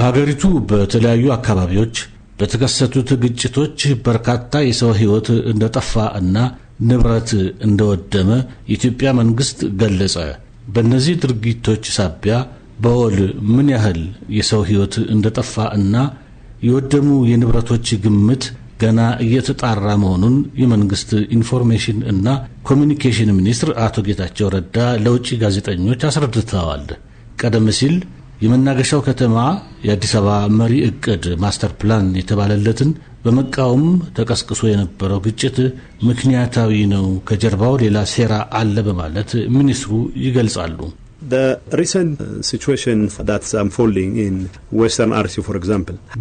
በሀገሪቱ በተለያዩ አካባቢዎች በተከሰቱት ግጭቶች በርካታ የሰው ሕይወት እንደጠፋ እና ንብረት እንደወደመ የኢትዮጵያ መንግስት ገለጸ። በእነዚህ ድርጊቶች ሳቢያ በወል ምን ያህል የሰው ሕይወት እንደጠፋ እና የወደሙ የንብረቶች ግምት ገና እየተጣራ መሆኑን የመንግስት ኢንፎርሜሽን እና ኮሚኒኬሽን ሚኒስትር አቶ ጌታቸው ረዳ ለውጭ ጋዜጠኞች አስረድተዋል። ቀደም ሲል የመናገሻው ከተማ የአዲስ አበባ መሪ እቅድ ማስተር ፕላን የተባለለትን በመቃወም ተቀስቅሶ የነበረው ግጭት ምክንያታዊ ነው፣ ከጀርባው ሌላ ሴራ አለ በማለት ሚኒስትሩ ይገልጻሉ።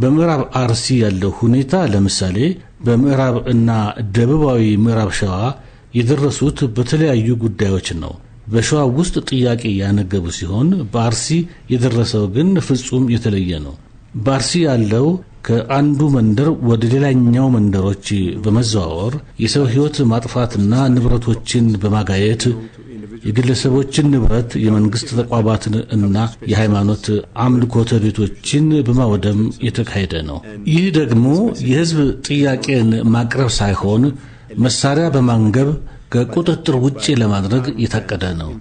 በምዕራብ አርሲ ያለው ሁኔታ ለምሳሌ በምዕራብ እና ደቡባዊ ምዕራብ ሸዋ የደረሱት በተለያዩ ጉዳዮች ነው። በሸዋ ውስጥ ጥያቄ ያነገቡ ሲሆን በአርሲ የደረሰው ግን ፍጹም የተለየ ነው። በአርሲ ያለው ከአንዱ መንደር ወደ ሌላኛው መንደሮች በመዘዋወር የሰው ሕይወት ማጥፋትና ንብረቶችን በማጋየት የግለሰቦችን ንብረት፣ የመንግሥት ተቋማትን እና የሃይማኖት አምልኮተ ቤቶችን በማውደም የተካሄደ ነው። ይህ ደግሞ የሕዝብ ጥያቄን ማቅረብ ሳይሆን መሳሪያ በማንገብ ከቁጥጥር ውጪ ለማድረግ የታቀደ ነው።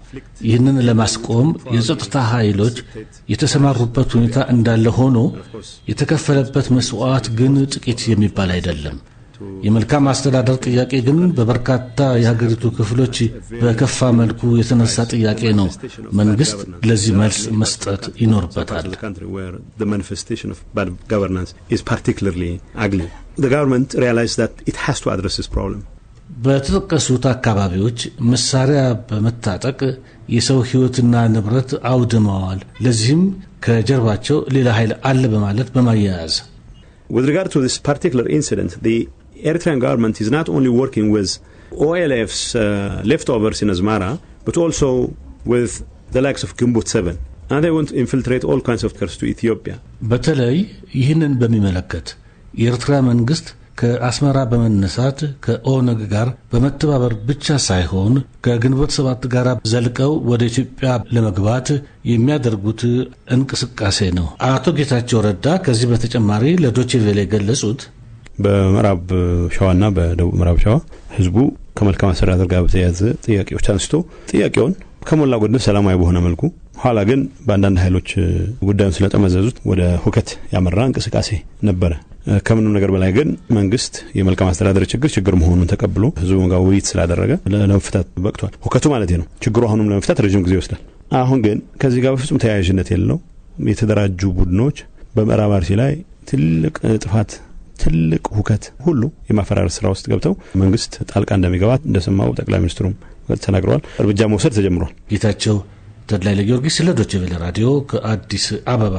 ይህንን ለማስቆም የጸጥታ ኃይሎች የተሰማሩበት ሁኔታ እንዳለ ሆኖ የተከፈለበት መስዋዕት ግን ጥቂት የሚባል አይደለም። የመልካም አስተዳደር ጥያቄ ግን በበርካታ የሀገሪቱ ክፍሎች በከፋ መልኩ የተነሳ ጥያቄ ነው። መንግስት ለዚህ መልስ መስጠት ይኖርበታል። The government realized that it በተጠቀሱት አካባቢዎች መሳሪያ በመታጠቅ የሰው ሕይወትና ንብረት አውድመዋል። ለዚህም ከጀርባቸው ሌላ ኃይል አለ በማለት በማያያዝ With regard to this particular incident, the Eritrean government is not only working with OLF's uh, leftovers in Asmara, but also with the likes of Gimbut 7. And they want to infiltrate all kinds of curse to Ethiopia. በተለይ ይህንን በሚመለከት የኤርትራ መንግስት ከአስመራ በመነሳት ከኦነግ ጋር በመተባበር ብቻ ሳይሆን ከግንቦት ሰባት ጋር ዘልቀው ወደ ኢትዮጵያ ለመግባት የሚያደርጉት እንቅስቃሴ ነው። አቶ ጌታቸው ረዳ ከዚህ በተጨማሪ ለዶቼ ቬለ የገለጹት በምዕራብ ሸዋና በደቡብ ምዕራብ ሸዋ ህዝቡ ከመልካም አስተዳደር ጋር በተያያዘ ጥያቄዎች አንስቶ ጥያቄውን ከሞላ ጎደል ሰላማዊ በሆነ መልኩ ኋላ ግን በአንዳንድ ኃይሎች ጉዳዩን ስለጠመዘዙት ወደ ሁከት ያመራ እንቅስቃሴ ነበረ። ከምንም ነገር በላይ ግን መንግስት የመልካም አስተዳደር ችግር ችግር መሆኑን ተቀብሎ ህዝቡም ጋር ውይይት ስላደረገ ለመፍታት በቅቷል። ሁከቱ ማለት ነው። ችግሩ አሁንም ለመፍታት ረዥም ጊዜ ይወስዳል። አሁን ግን ከዚህ ጋር በፍጹም ተያያዥነት የለው የተደራጁ ቡድኖች በምዕራብ አርሲ ላይ ትልቅ ጥፋት ትልቅ ሁከት ሁሉ የማፈራረስ ስራ ውስጥ ገብተው መንግስት ጣልቃ እንደሚገባ እንደሰማው ጠቅላይ ሚኒስትሩም ተናግረዋል። እርምጃ መውሰድ ተጀምሯል። ጌታቸው ተድላይ ለጊዮርጊስ ለዶቼ ቬለ ራዲዮ ከአዲስ አበባ